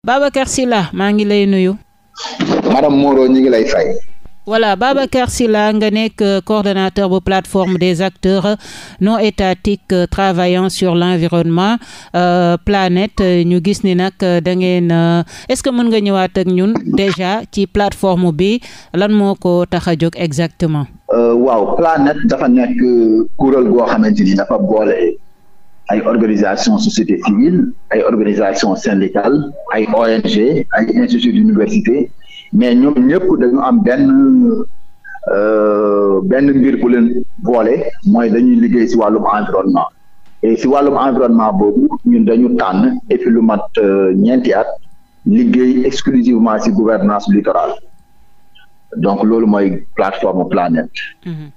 Babacar Sylla maa ngi lay nuyu. madame Moreau ñu ngi lay fay. voilà Babacar Sylla nga nekk euh, coordonnateur bu plateforme des acteurs euh, non étatiques euh, travaillant sur l'environnement euh, planète ñu gis ni nag da ngeen est-ce que mën nga ñëwaat ak ñun déjà ci plateforme bi lan moo ko tax a jóg exactement. waaw planète dafa nekk kuréel goo xamante ni dafa boole ay organisation société civile ay organisation syndicale ay ONG ay institut d'université mais ñoom ñëpp dañu am benn euh, benn mbir bu leen boole mooy dañuy liggéey si wàllum environnement et ci wàllum environnement boobu ñun dañu tànn et puis lu mat euh, ñeenti at liggéey exclusivement ci gouvernance littorale donc loolu mooy plateforme Planète. Mm-hmm.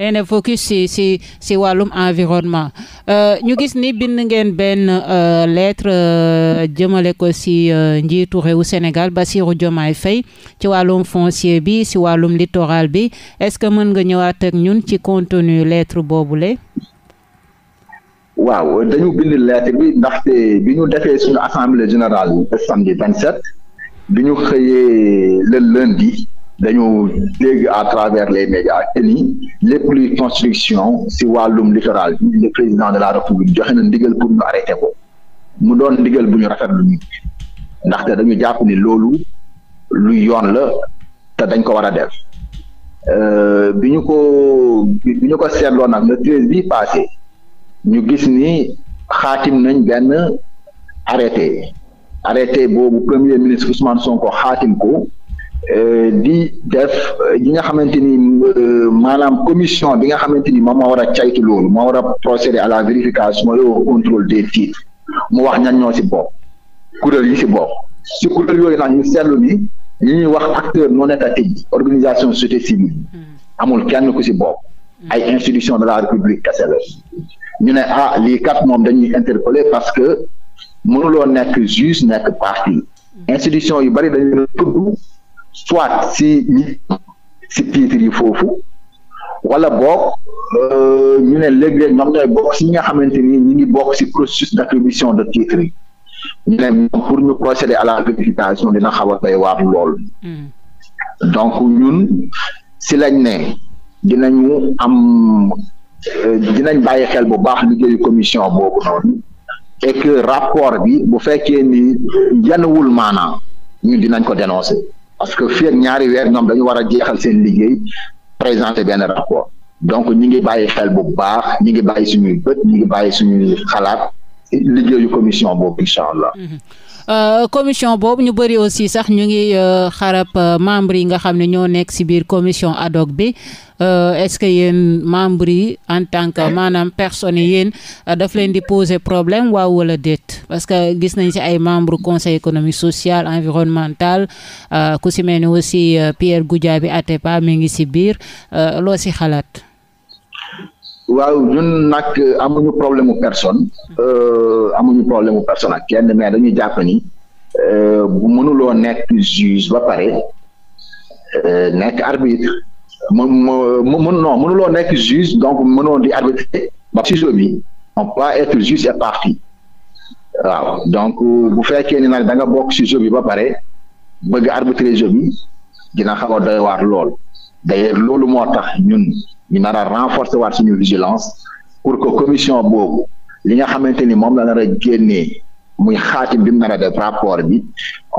yéen focus si si wàllum environnement euh, ñu gis ni bind ngeen benn euh, lettre euh, jëmale ko si njiitu réewu Sénégal Bassirou Diomaye Faye ci wàllum foncier bi si wàllum littoral bi est-ce que mën nga ñëwaat ak ñun ci contenu lettre boobule. waaw dañu bind lettre bi ndaxte bi ñu defee suñu assemblée générale bi ñu xëyee le lundi. dañu dégg à travers les médias te ni lépp luy construction si wàllum littoral bi le président de la république joxe na ndigal pour ñu arrêté ko mu doon ndigal bu ñu rafetlu ñu ndaxte dañu jàpp ni loolu lu yoon la te dañ ko war a def euh, bi ñu ko bi ñu ko seetloo nag le treize bi passé ñu gis ni xaatim nañ benn arrêté arrêté boobu premier ministre Ousmane ko xaatim ko. Euh, di def ñi euh, nga xamante ni euh, maanaam commission bi nga xamante ni moom moo war a caytu loolu moo war a procéder à la vérification mooy au contrôle des titres mu wax ñan ñoo ci bokk kuréel yi ci bokk ci kuréel yooyu nag ñu seetlu ni ñu ñuy wax acteur non étatique organisation société civile hmm. amul kenn ku ci bokk hmm. ay institution de la république kese la ñu ne ah lii kat moom dañuy interpeller parce que mënuloo nekk juge nekk parti hmm. institution yu bari dañu tudd soit si ñi si titres yi foofu wala boog euh, ñu ne léeg-léeg ñoom ñooy bokk si ñi nga xamante ni ñu ngi bokk si processus d' attribution de titres yi ne pour ñu procéder à la vérification dina xaw a doy waar lool hmm. donc ñun si lañ ne dinañu am euh, dinañ bàyyi xel bu baax liggéeyu commission boobu noonu et rapport bi bu fekkee ni yanuwul maanaam ñun dinañ ko dénoncer parce que fii ak ñaari weer noom dañu war a jeexal seen liggéey présenter benn rapport donc ñi ngi bàyyi xel bu baax ñi ngi bàyyi suñuy bët ñi ngi bàyyi suñuy xalaat liggéeyu commission boobu incha allah. Mm-hmm. Euh, commission boobu ñu bëri aussi sax ñu ngi euh, xarab euh, membres yi nga xam ne ñoo nekk ci biir commission ad hoc bi est-ce que yéen membres yi en tant que maanaam personne yéen daf leen di poser problème waaw wala déet parce que gis nañ ci ay membres conseil économique social environnemental ku si mel ni aussi Pierre Goudiaby Atepa mi ngi ci biir loo si xalaat. waaw ñun nag amuñu problème mu personne euh, amuñu problème mu personne ak kenn mais dañuy jàpp ni euh, bu mënuloo nekk juge ba pare euh, nekk arbitre mu mu mu non mënuloo nekk juge donc mënoo di arbitrer ba sujet bi on peut être juge et waaw donc bu fekkee ni nag da nga bokk ci jeu bi ba pare bëgg arbitrer jeu bi dina xaw a waar lool d'ailleurs loolu moo tax ñun. ñu nar a renforcer waat suñu vigilance pour que commission boobu li nga xamante ni moom la nar a génnee muy xaatim bi mu nar a def rapport bi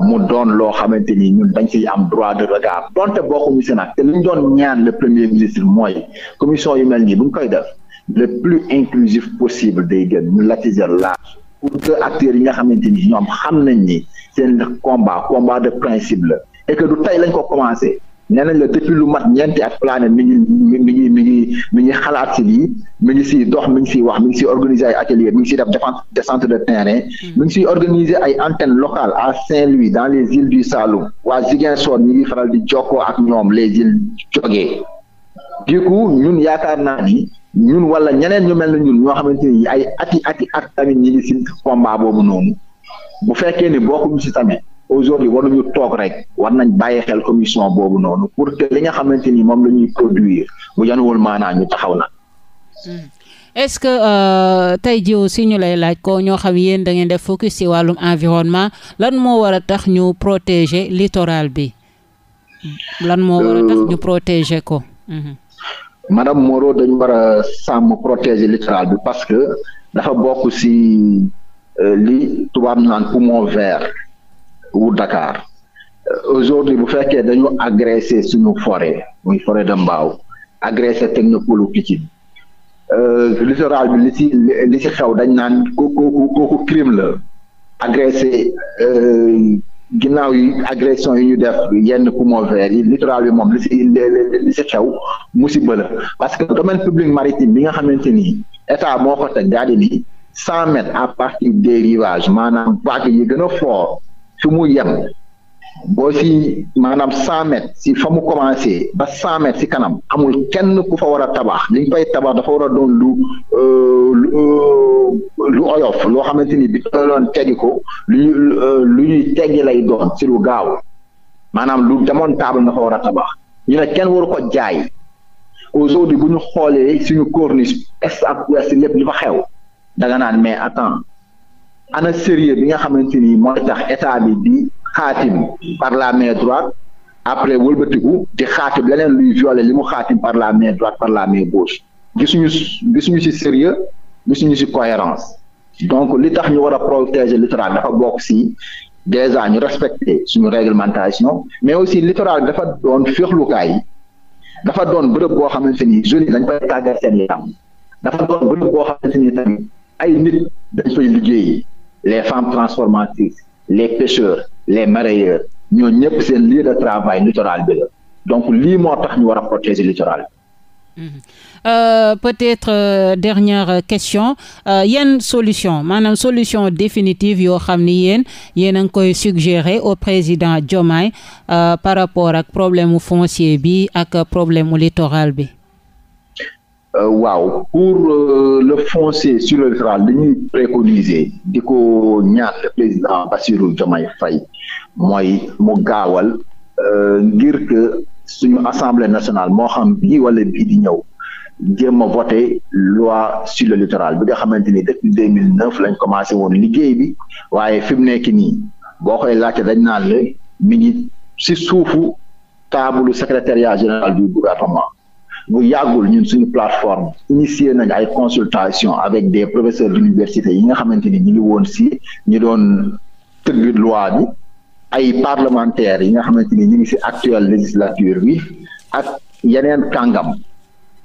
mu doon loo xamante ni ñun dañ koy am droit de regard donte boo si nag te li ñu doon ñaan le premier ministre mooy commission yu mel nii bu ñu koy def le plus inclusif possible day gën ñu latiser large pour que acteurs yi nga xamante ni ñoom xam nañ ni seen combat combat de principe la et que du tey lañ ko commencé nee nañ la depuis lu mat ñeenti at plané mi ngi mi ngi mi ngi mi ngi xalaat si lii mi ngi siy dox mi ngi siy wax mi ngi siy organiser ay atelier mi ngi siy def descente de terrain hmm. mi ngi siy organiser ay antenne locale à Saint-Louis dans les îles du Saloum waa Ziguinchor ñi ngi faral di jokkoo ak ñoom les îles jógee du coup ñun yaakaar naa ni ñun wala ñeneen ñu mel na ñun ñoo xamante ni ay ati ati at tamit ñi ngi si combat boobu noonu bu fekkee ni boo si tamit aujourd'hui waruñu toog rek war nañ bàyyi xel commission boobu noonu pour que li nga xamante ni moom la ñuy mu bu yanuwul maanaa ñu taxaw na. Hmm. est-ce que euh, tey jii aussi ñu lay laaj ko ñoo xam yéen da ngeen def focus ci wàllum environnement lan moo war a tax ñu protéger littoral bi hmm. lan moo war a tax ñu euh, protéger ko. Hmm. madame Moreau dañu war a sàmm bi parce que dafa bokk ci euh, li tubaab naan poumon vert. wu Dakar euh, aujourd'hui bu fekkee dañu agressé suñu forêt muy forêt de Mbao agressé technopole Pikine euh, littoral bi li ci li ci xew dañ naan kooku kooku crime la agressé euh, ginnaaw yi agression yi ñu def yenn poumon vert yi littoral bi moom li si li si xew musiba la parce que domaine public maritime bi nga xamante ni état moo ko teg daal di ni cent à partir des rivages maanaam vagues yi gën a fort fi mu yem boo si maanaam cent mètres si fa mu commencé ba cent mètres si kanam amul kenn ku fa war a tabax li ñu tabax dafa war a doon lu euh, euh, lu oyof loo xamante ni bi doon ko lu euh, lu ñuy teggi lay doon si lu gaaw maanaam lu démontable nga fa war a tabax ñu ne kenn waru ko jaay aujourd'hui bu ñu xoolee suñu corniche est ak ouest lépp li fa xew danga naan mais attends ana sérieux bi nga xamante ni mooy tax état bi di xaatim par la main droite après wëlbatiku di xaatim leneen luy violer li mu xaatim par la main droite par la main gauche gisuñu gisuñu ci sérieux gisuñu ci cohérence donc li tax ñu war a protéger littoral dafa bokk ci déjà ñu respecte suñu réglementation mais aussi littoral dafa doon féexlukaay dafa doon bërëb boo xamante ni jeunes yi dañ fay tàggat seen yaram dafa doon bërëb boo xamante ni tamit ay nit dañ fay liggéey les femmes transformatrices les pêcheurs les mareyeurs ñoo ñëpp seen lieu de travail littoral bi donc lii moo tax ñu war a protéger littoral bi mhm. euh, peut-être euh, dernière question euh, yan solution maanaam solution définitive yoo xam ni yéen yéen a ngi koy suggérer au président Diomaye euh, par rapport ak problème mu foncier bi ak problème mu littoral bi. Euh, waaw pour euh, le foncier sur le littoral dañuy préconiser di ko ñaan le président Bassirou Diomaye Faye mooy mu gaawal euh, ngir que suñu assemblée nationale moo xam bii wala bii di ñëw jéem a voté loi sur le littoral bi nga xamante ni depuis deux mille neuf lañ commencé woon liggéey bi waaye fi mu nekk nii boo koy laajte dañ naan la mi ngi si suufu taabalu secrétariat général du gouvernement bu yàggul ñun suñu plateforme initié nañ ay consultation avec des professeurs d'université yi nga xamante ni ñu ngi woon si ñu doon tëgg loi bi ay parlementaires yi nga xamante ni ñu ngi si actuelle législature bi ak yeneen kàngam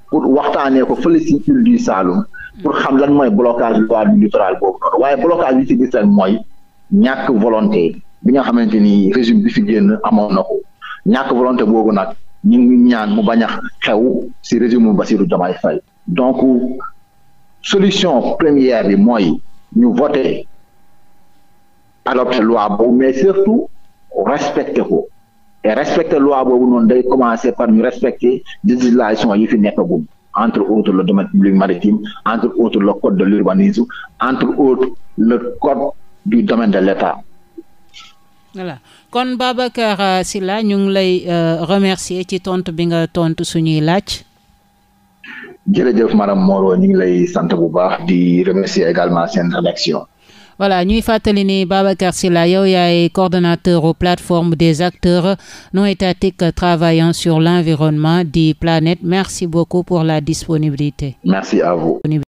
pour waxtaanee ko fële si île du Saloum pour xam lan mooy blocage loi du littoral boobu noonu waaye blocage bi si gis rek mooy ñàkk volonté bi nga xamante ni régime bi fi génn amoon na ko ñàkk volonté boobu nag ñu ngi ñaan mu bañ a xew si régime Bassirou Diomaye Faye donc solution première bi mooy ñu voté adopter loi boobu mais surtout respecté ko et respecter loi boobu noonu day commencé par ñu respecter législation yi fi nekkagum entre autres le domaine public maritime entre autres le code de l'urbanisme entre autres le code du domaine de l'État voilà kon Babacar euh, Sylla ñu ngi lay euh, remercier ci tontu bi nga tontu suñuy laaj. jërëjëf madame Moreau ñu ngi lay sant bu di remercier également seen rédaction. voilà ñuy fàttali ni Babacar Sylla yow yaay coordonnateur au plateforme des acteurs non étatiques travaillant sur l'environnement di Planète merci beaucoup pour la disponibilité. merci à vous.